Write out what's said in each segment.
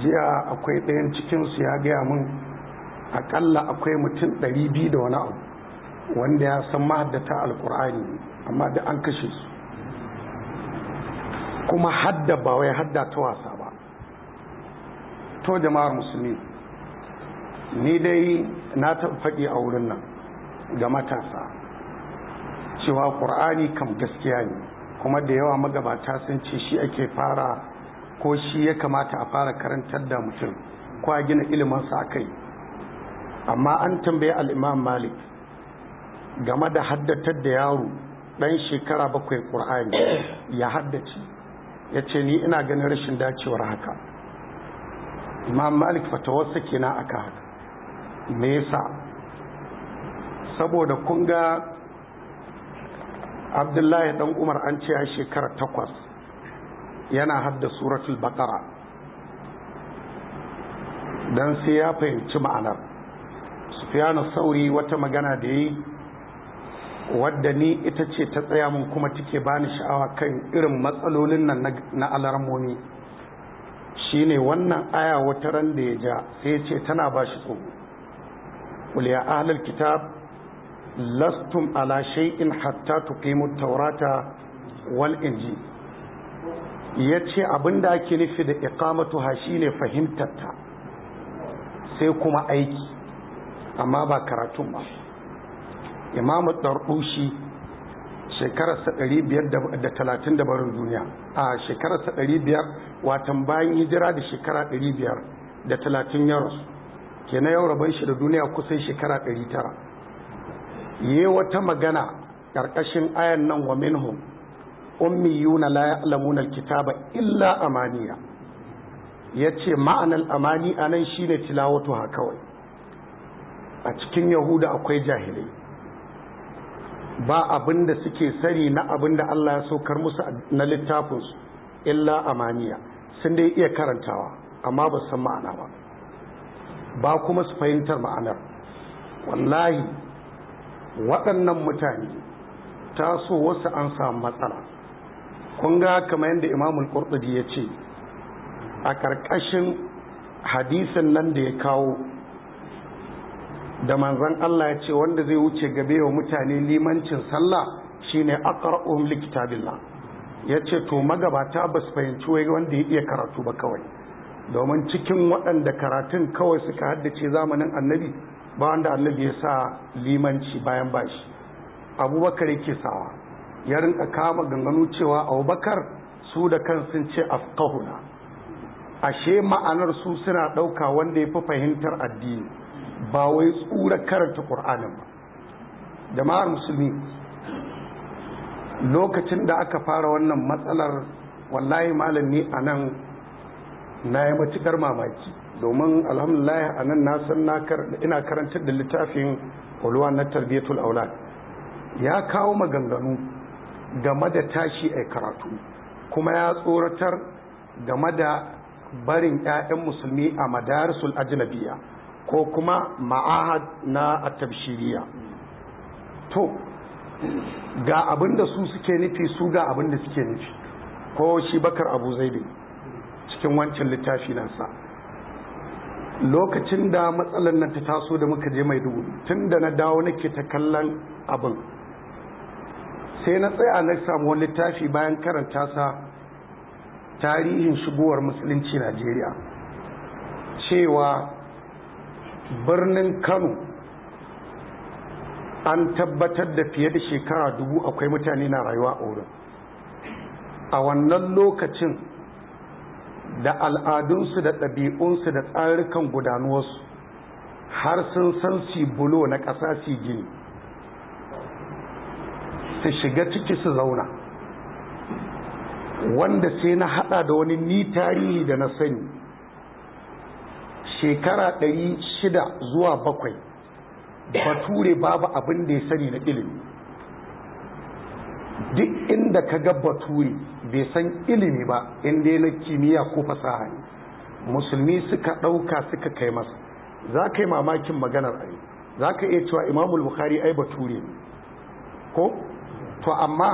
jiya akwai ɗayan cikinsu ya gaya mun akalla akwai mutum ɗari biyu da wani abu wanda ya san mahaddata alkur'ani amma da an kashe su kuma hadda ba wai hadda ta wasa ba to jama'ar musulmi ni dai na faɗi a wurin nan ga matasa cewa ƙur'ani kam gaskiya ne kuma da yawa magabata sun ce shi ake fara ko shi ya kamata a fara karantar da mutum ko a gina ilimansa a kai amma an tambaye al'imam malik game da haddatar da yaro ɗan shekara bakwai ƙur'ani ya haddace ya ce ni ina ganin rashin dacewar haka imam malik fatawarsa kenan aka haka me yasa saboda kun ga abdullahi dan umar an ce a shekara takwas yana hadda suratul baqara dan sai ya fahimci ma'anar sufyanu sauri wata magana da yi wadda ni ita ce ta tsaya mun kuma take bani sha'awa kan irin matsalolin nan na alarmomi shine wannan aya wata ran da ya ja sai ce tana ba shi tsoro qul ya ahlul kitab lastum ala shay'in hatta tuqimu at-taurata wal injil ya ce abin da ake nufi da ikamatuha ne fahimtarta sai kuma aiki amma ba karatun ba imamu ɗarɗushi shekararsa 530 da barin duniya a shekararsa 500 watan bayan hijira da shekara da talatin yaros ke na yau rabon shi da duniya kusan shekara 900 yi wata magana ƙarƙashin ayan nan wa minhum ummiyuna la ya'lamuna alkitaba illa amaniya yace ma'anar amani anan shine ne ha kawai a cikin yahuda akwai jahilai ba abin da suke sani na abin da Allah ya saukar musu na littafinsu illa amaniya sun dai iya karantawa amma ba san ma'ana ba ba kuma su fahimtar ma'anar wallahi waɗannan mutane taso wasu an samu matsala kun ga kamar yadda imamul qurtubi ya ce a karkashin hadisin nan da ya kawo da manzon Allah ya ce wanda zai wuce gabe wa mutane limancin sallah shine aqra'uhum likitabillah ya ce to magabata ba su fahimci wai wanda ya iya karatu ba kawai domin cikin waɗanda karatun kawai suka haddace zamanin annabi ba wanda annabi ya sa limanci bayan bashi abubakar yake sawa ya rinka kama ganganu cewa abubakar su da kan sun ce afqahuna ashe ma'anar su suna ɗauka wanda ya fi fahimtar addini ba wai tsura karanta ƙur'anin ba jama'ar musulmi lokacin da aka fara wannan matsalar wallahi malami a nan na yi matuƙar mamaki domin alhamdulahi a nan ina karanta da littafin ulwa na tarbiyatul aulad ya kawo maganganu game da tashi a karatu kuma ya tsoratar game da barin 'ya'yan musulmi a madarisul ajnabiya ko kuma ma'ahad na tabshiriya to ga abin da su suke nufi su ga abin da suke nufi ko shi bakar abu zaidi cikin wancan littafi nasa lokacin da matsalar nan ta taso da muka je mai dubu tun da na dawo nake ta kallon abin sai na tsaya na samu wani littafi bayan karanta sa tarihin shigowar musulunci najeriya cewa birnin kano an tabbatar da fiye da shekara dubu akwai mutane na rayuwa a wurin a wannan lokacin da al'adunsu da ɗabi'unsu da tsarukan gudanuwarsu har sun san sibulo na ƙasa gini su shiga ciki su zauna wanda sai na hada da wani ni tarihi da na sani shekara ɗari shida zuwa bakwai bature babu abin da ya sani na ilimi duk inda ka ga bature bai san ilimi ba inda na kimiyya ko fasaha ne musulmi suka ɗauka suka kai masa za ka yi mamakin maganar ayi za ka iya cewa imamul bukhari ai bature ne ko to amma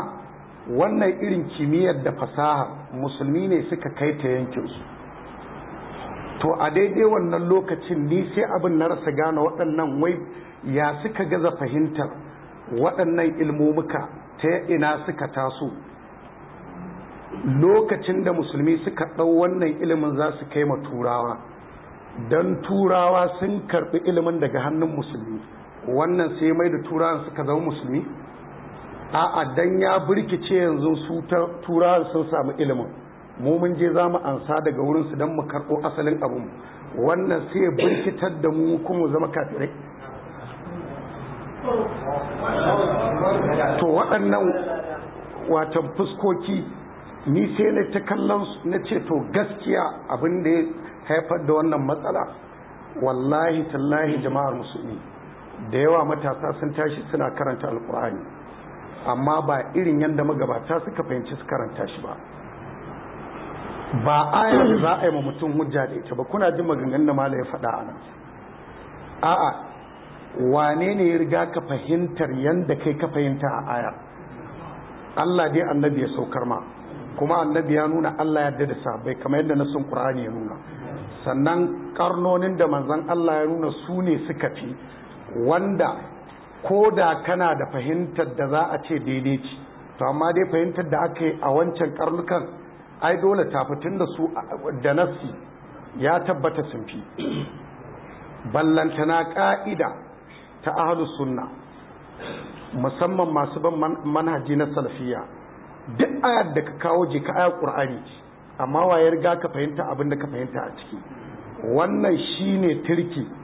wannan irin kimiyyar da fasaha musulmi ne suka kai ta yankinsu to a daidai wannan lokacin ni sai abin na rasa gane waɗannan wai ya suka gaza fahimtar waɗannan ilmomuka ta ina suka taso lokacin da musulmi suka ɗau wannan ilimin za su kai ma turawa don turawa sun karɓi ilimin daga hannun musulmi wannan sai mai da turawan suka zama musulmi a'a dan ya birkice yanzu su ta tura sun samu ilimin mu mun je za ansa daga wurin su dan mu karɓo asalin abun wannan sai birkitar da mu kuma zama kafirai to waɗannan watan fuskoki ni sai na ta kallon su na ce to gaskiya abin da ya haifar da wannan matsala wallahi tallahi jama'ar musulmi da yawa matasa sun tashi suna karanta alkur'ani amma ba irin yadda magabata suka fahimci su karanta shi ba ba aya da za a yi ma mutum hujja da ita ba kuna jin maganganun da mala ya faɗa a nan a'a wane ne ya riga ka fahimtar yadda kai ka fahimta a aya Allah dai annabi ya saukar ma kuma annabi ya nuna Allah yadda da sabai kamar yadda na sun Qur'ani ya nuna sannan karnonin da manzan Allah ya nuna su ne suka fi wanda ko da kana da fahimtar da za a ce daidai ce to amma dai fahimtar da aka yi a wancan karnukan ai dole tafatin da su da nasi ya tabbata sun fi ballantana ƙa'ida ta ahlus sunna musamman masu ban manhaji na salafiya duk ayar da ka kawo je ka ayar ƙur'ani amma wayar ga ka fahimta abin da ka fahimta a ciki wannan shine turki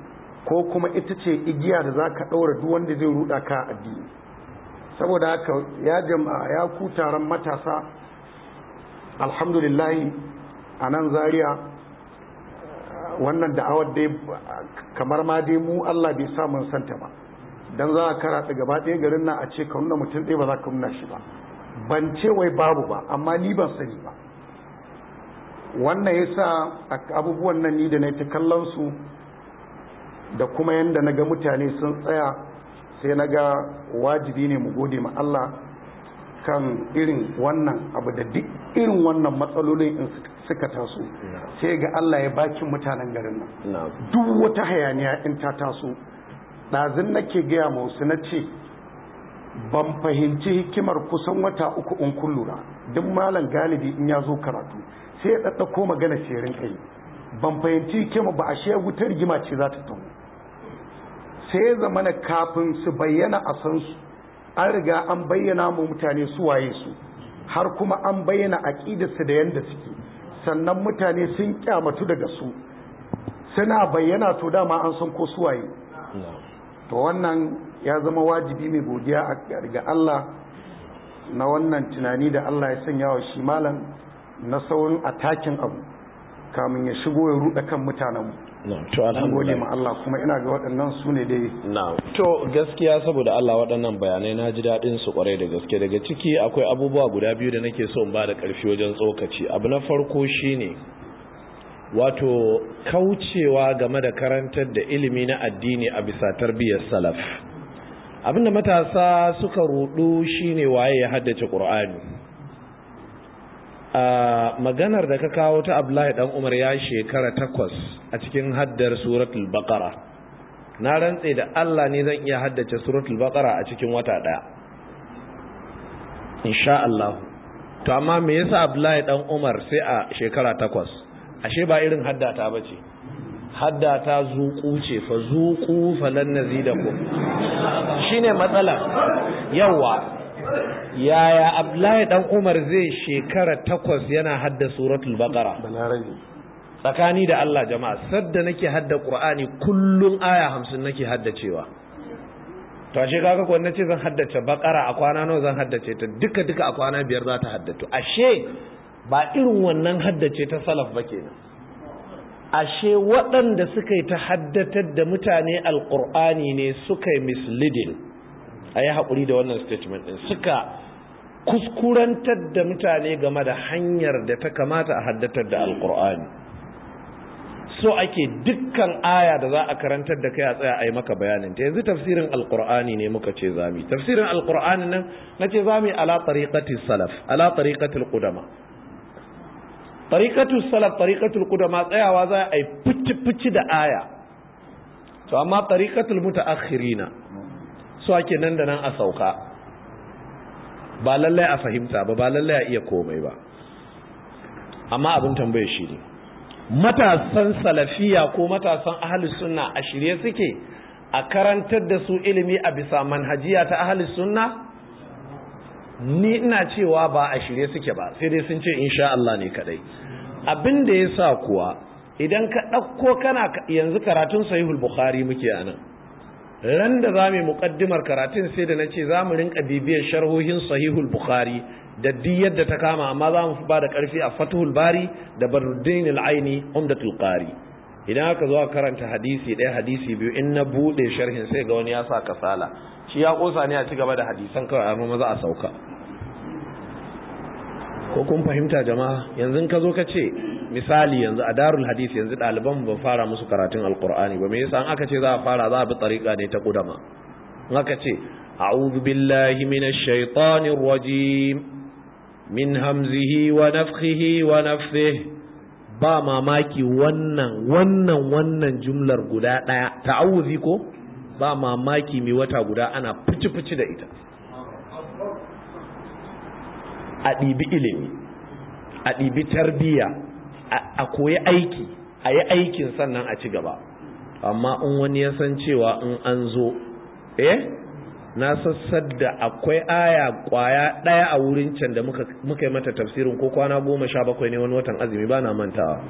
ko kuma ita ce igiya da za ka ɗaura duk wanda zai ruɗa ka addini saboda haka ya jama'a ya ku taron matasa alhamdulillahi a nan zariya wannan da'awar dai kamar ma dai mu Allah bai sa mun santa ba dan za a ta gaba ɗaya garin nan a ce ka nuna mutum ɗaya ba za ka nuna shi ba ban ce wai babu ba amma ni ban sani ba wannan sa abubuwan nan ni da na ta kallon su da kuma yadda na ga mutane sun tsaya sai na ga wajibi ne mu gode ma Allah kan irin wannan abu da duk irin wannan matsalolin in suka taso sai ga Allah ya baki mutanen garin nan duk wata hayaniya in ta taso ɗazin nake gaya ma wasu na ce ban fahimci hikimar kusan wata uku in kullura, duk malam galibi in ya zo karatu sai ya ko magana shirin kai ban fahimci kima ba a ashe wutar rigima ce za ta tauni sai zamana kafin su bayyana a san su an riga an bayyana mu mutane su waye su har kuma an bayyana a ƙidarsu da yadda suke sannan mutane sun kyamatu daga su suna bayyana to dama an san ko su waye to wannan ya zama wajibi mai godiya a ga Allah na wannan tunani da Allah ya sanya wa shi malam na saurin a takin abu min ya shigo ya kan mutanenmu to gode ma Allah kuma ina ga waɗannan su ne dai to gaskiya saboda Allah waɗannan bayanai na ji daɗin su kwarai da gaske daga ciki akwai abubuwa guda biyu da nake so in ba da ƙarfi wajen tsokaci abu na farko shine wato kaucewa game da karantar da ilimi na addini a bisa tarbiyyar salaf abinda matasa suka rudu shine waye ya haddace qur'ani a maganar da ka kawo ta Abdullahi dan Umar ya shekara takwas a cikin haddar suratul Baqara na rantse da Allah ne zan iya haddace suratul Baqara a cikin wata daya insha Allah to amma me yasa Abdullahi dan Umar sai a shekara takwas ashe ba irin haddata bace haddata zuƙu ce fa zuku falan nazidakum shine matsala yawa yaya abdullahi dan umar zai shekara takwas yana hadda suratul baqara tsakani da Allah jama'a sadda nake hadda qur'ani kullun aya 50 nake haddacewa to ashe kaga ko nace zan haddace baqara a kwana nawa zan haddace ta duka duka a kwana biyar za ta haddatu ashe ba irin wannan haddace ta salaf ba kenan ashe waɗanda suka yi ta haddatar da mutane alqur'ani ne suka yi misleading a yi haƙuri da wannan statement ɗin suka kuskurantar da mutane game da hanyar da ta kamata a haddatar da alkur'ani so ake dukkan aya da za a karantar da kai a tsaya a yi maka bayanin ta yanzu tafsirin alkur'ani ne muka ce zami tafsirin alkur'ani nan na ce zami ala tariqati salaf ala tariqati alqudama tariqatu salaf tariqatu alqudama tsayawa za a yi fici fici da aya to amma tariqatu almutaakhirina so ake nan da nan a sauka ba lallai a fahimta ba ba lallai a iya komai ba amma abin tambaye shi ne matasan salafiya ko matasan ahalus sunna a shirye suke a karantar da su ilimi a bisa manhajiya ta ahalus sunna ni ina cewa ba a shirye suke ba sai dai sun ce insha Allah ne kadai abin da yasa kuwa idan ka ɗauko kana yanzu karatun sahihul bukhari muke anan ran da za mu yi muƙaddimar karatun sai da na ce za mu rinka bibiyar sharhohin sahihul bukhari da duk yadda ta kama amma za mu ba da ƙarfi a fatuhul bari da barudin al'aini umdatul qari idan aka zo a karanta hadisi ɗaya hadisi biyu in na buɗe sharhin sai ga wani ya sa kasala shi ya ƙosa ne a ci gaba da hadisan kawai amma maza a sauka ko kun fahimta jama'a yanzu ka zo ka ce misali yanzu a darul hadis yanzu ɗaliban ban fara musu karatun alkur'ani ba me yasa an aka ce za a fara za a bi tsarika ne ta kudama in aka ce a'udhu billahi minash shaitanir rajim min hamzihi wa nafthihi wa nafthihi ba mamaki wannan wannan wannan jumlar guda daya ta'awuzi ko ba mamaki mai wata guda ana fici-fici da ita a ɗibi ilimi a ɗibi tarbiyya a koyi aiki a yi aikin sannan a ci gaba amma in wani ya san cewa in an zo eh na sassar da akwai aya kwaya ɗaya a wurin can da muka yi mata tafsirin ko kwana goma sha bakwai ne wani watan azumi ba na mantawa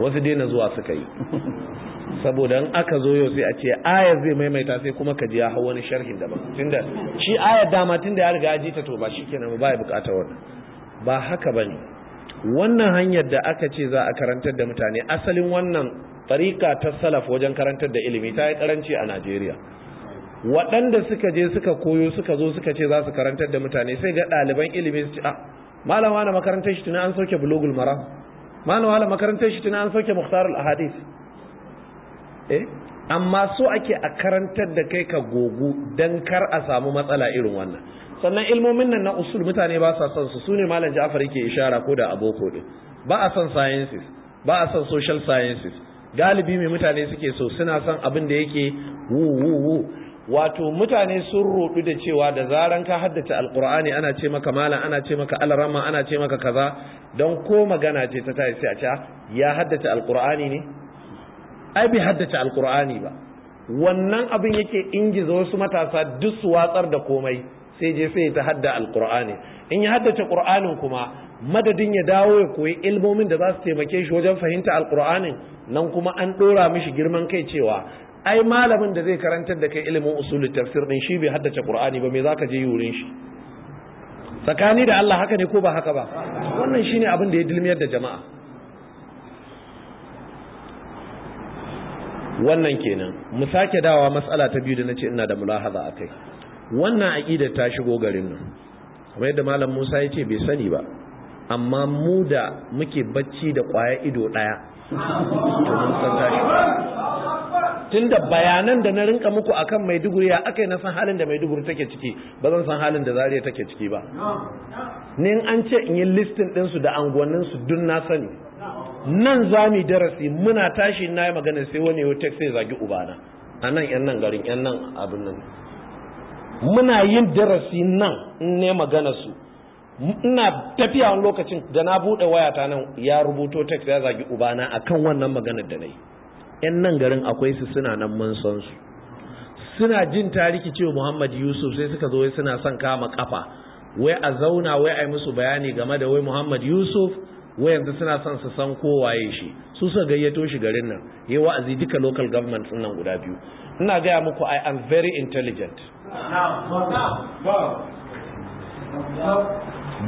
wasu daina zuwa suka yi saboda in aka zo yau sai a ce aya zai maimaita sai kuma ka ji ya hau wani sharhin daban tunda shi aya dama tunda ya riga ya ji ta to ba kenan ba ya bukata wannan ba haka bane wannan hanyar da aka ce za a karantar da mutane asalin wannan tariƙa ta salaf wajen karantar da ilimi ta yi karanci a najeriya waɗanda suka je suka koyo suka zo suka ce za su karantar da mutane sai ga ɗaliban ilimi su ce a ah, malama na makarantar shi tuni an sauke bulogul maram malama na makarantar shi tuni an sauke muhtarul ahadis eh amma so ake a karantar da kai ka gogu don kar a samu matsala irin wannan sannan ilmomin nan na usul mutane ba sa son su sune malam Ja'far yake ishara ko da aboko din ba a son sciences ba a son social sciences galibi mai mutane suke so suna son abin da yake wu wu wu wato mutane sun rodu da cewa da zaran ka haddace alqur'ani ana ce maka malam ana ce maka alrama ana ce maka kaza don ko magana ce ta tayi sai a ce ah, ya haddace alqur'ani ne ai bai haddace alqur'ani ba wannan abin yake ingiza wasu matasa duk su watsar da komai sai je sai ta hadda alqur'ani in ya haddace qur'anin kuma madadin ya dawo ya koyi ilmomin da za su taimake shi wajen fahimta alqur'anin nan kuma an dora mishi girman kai cewa ai malamin da zai karantar da kai ilimin usulul tafsir din shi bai haddace qur'ani ba me za ka je yurin shi tsakani da Allah haka ne ko ba haka ba wannan shine abin da ya dilmiyar da jama'a wannan kenan mu sake dawa matsala ta biyu da nace ina da mulahaza akai wannan aƙidar ta shigo garin nan kamar yadda malam Musa ya ce bai sani ba amma mu da muke bacci da ƙwaya ido ɗaya tunda bayanan da na rinka muku akan Maiduguri ya akai na san halin da Maiduguri take ciki ba zan san halin da Zaria take ciki ba ne an ce in yi listin din su da anguwannin su dun na sani nan zami darasi muna tashi na yi magana sai wani yau tek sai zagi ubana a nan yan nan garin yan nan abin nan muna yin darasi nan in ne magana su ina tafiya wani lokacin da na buɗe wayata nan ya rubuto text ya zagi ubana akan wannan maganar da na yi yan nan garin akwai su suna nan mun san su suna jin tariki cewa Muhammad Yusuf sai suka zo suna son kama kafa wai a zauna wai a yi musu bayani game da wai Muhammad Yusuf wayanzu suna son su san kowaye shi su suka gayyato shi garin nan Ya wa'azi duka local government nan guda biyu ina gaya muku i am very intelligent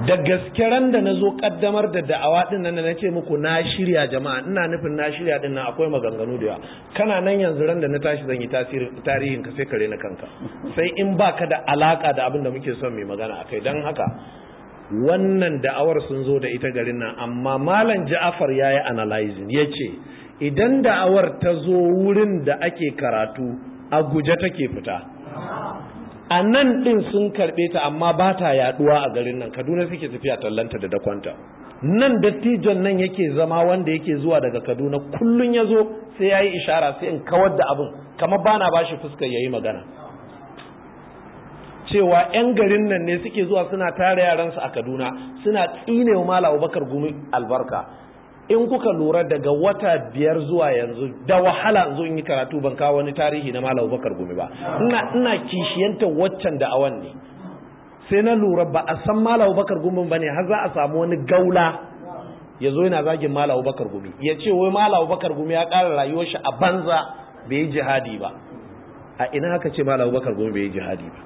da ran da nazo kaddamar da da'awa din nan na ce muku na shirya jama'a ina nufin na shirya din nan akwai maganganu da yawa kana nan yanzu ran da na tashi zan yi tarihin ka sai kare na kanka sai in baka da alaka da abin da muke son mai magana akai dan haka wannan da'awar sun zo da ita garin nan amma malam ja'afar ya yi analyzing ya ce idan da'awar ta zo wurin da ake karatu a guje take fita a nan ɗin sun karɓe ta amma ba ta yaɗuwa a garin nan kaduna suke tafiya tallanta da dakwanta nan dattijon nan yake zama wanda yake zuwa daga kaduna kullum ya zo sai ya yi ishara sai in kawar da abin kamar bana ba shi fuskar ya yi magana cewa 'yan garin nan ne suke zuwa suna tare yaransu a kaduna suna tsine wa mala abubakar gumi albarka in kuka lura daga wata biyar zuwa yanzu da wahala yanzu in yi karatu ban kawo wani tarihi na mala abubakar gumi ba ina ina kishiyanta waccan da awan ne sai na lura ba a san mala abubakar gumi ba ne har za a samu wani gaula ya zo yana zagin mala abubakar gumi ya ce wai mala abubakar gumi ya ƙara rayuwar shi a banza bai yi jihadi ba a ina haka ce mala abubakar gumi bai yi jihadi ba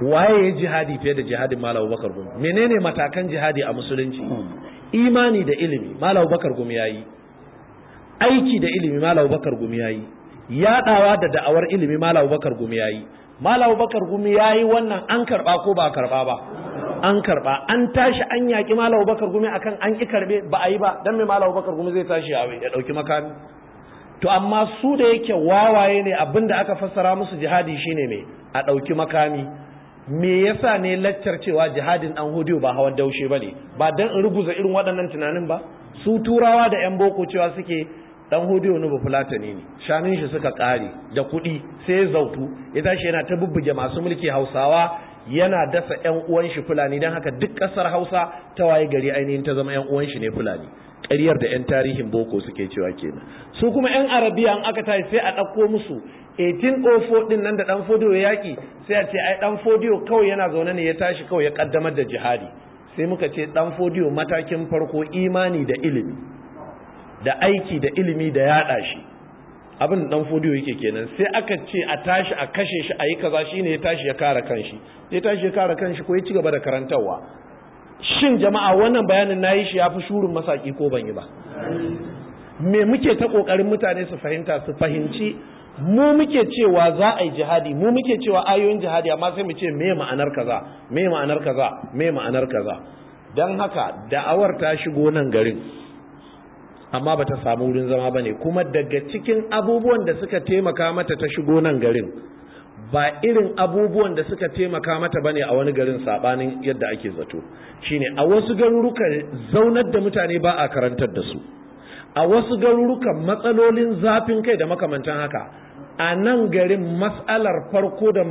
waye ya jihadi fiye da jihadin malam bakar gumi menene matakan jihadi a musulunci imani da ilimi malam bakar gumi yayi aiki da ilimi malam bakar gumi yayi yadawa da da'awar ilimi malam bakar gumi yayi malam bakar gumi yayi wannan an karba ko ba karba ba an karba an tashi an yaki malam bakar gumi akan an ki karbe ba a yi ba dan me malam bakar gumi zai tashi ya dauki makami to amma su da yake wawaye ne abinda aka fassara musu jihadi shine me a dauki makami me yasa ne laccar cewa jihadin dan hudu ba hawan daushe ne? ba dan in ruguza irin waɗannan tunanin ba su turawa da yan boko cewa suke dan hudu ne bufulata ne ne shanun shi suka kare da kuɗi sai zautu ya tashi yana ta bubbuge masu mulki Hausawa yana dasa yan uwan shi Fulani dan haka duk ƙasar Hausa ta waye gari ainihin ta zama yan uwan shi ne Fulani ƙaryar da 'yan tarihin boko suke cewa kenan su kuma 'yan arabiya an aka tashi sai a ɗauko musu 1804 ɗin nan da ɗan fodiyo yaƙi sai a ce ai ɗan fodiyo kawai yana zaune ne ya tashi kawai ya ƙaddamar da jihadi sai muka ce ɗan fodiyo matakin farko imani da ilimi da aiki da ilimi da yaɗa shi abin ɗan fodiyo yake kenan sai aka ce a tashi a kashe shi a yi kaza shi ne ya tashi ya kara kanshi ya tashi ya kara kanshi ko ya ci gaba da karantarwa shin jama'a wannan bayanin na yi shi ya fi shurin masaki ko ban yi ba me muke ta ƙoƙarin mutane su fahimta su fahimci mu muke cewa za a yi jihadi mu muke cewa ayoyin jihadi amma sai mu ce me ma'anar kaza me ma'anar kaza me ma'anar kaza dan haka da'awar ta shigo nan garin amma bata samu wurin zama bane kuma daga cikin abubuwan da suka taimaka mata ta shigo nan garin ba irin abubuwan da suka taimaka mata bane a wani garin sabanin yadda ake zato shine a wasu garuruka zaunar da mutane ba a karantar da su a wasu garurukan matsalolin zafin kai da makamantan haka a nan garin matsalar farko da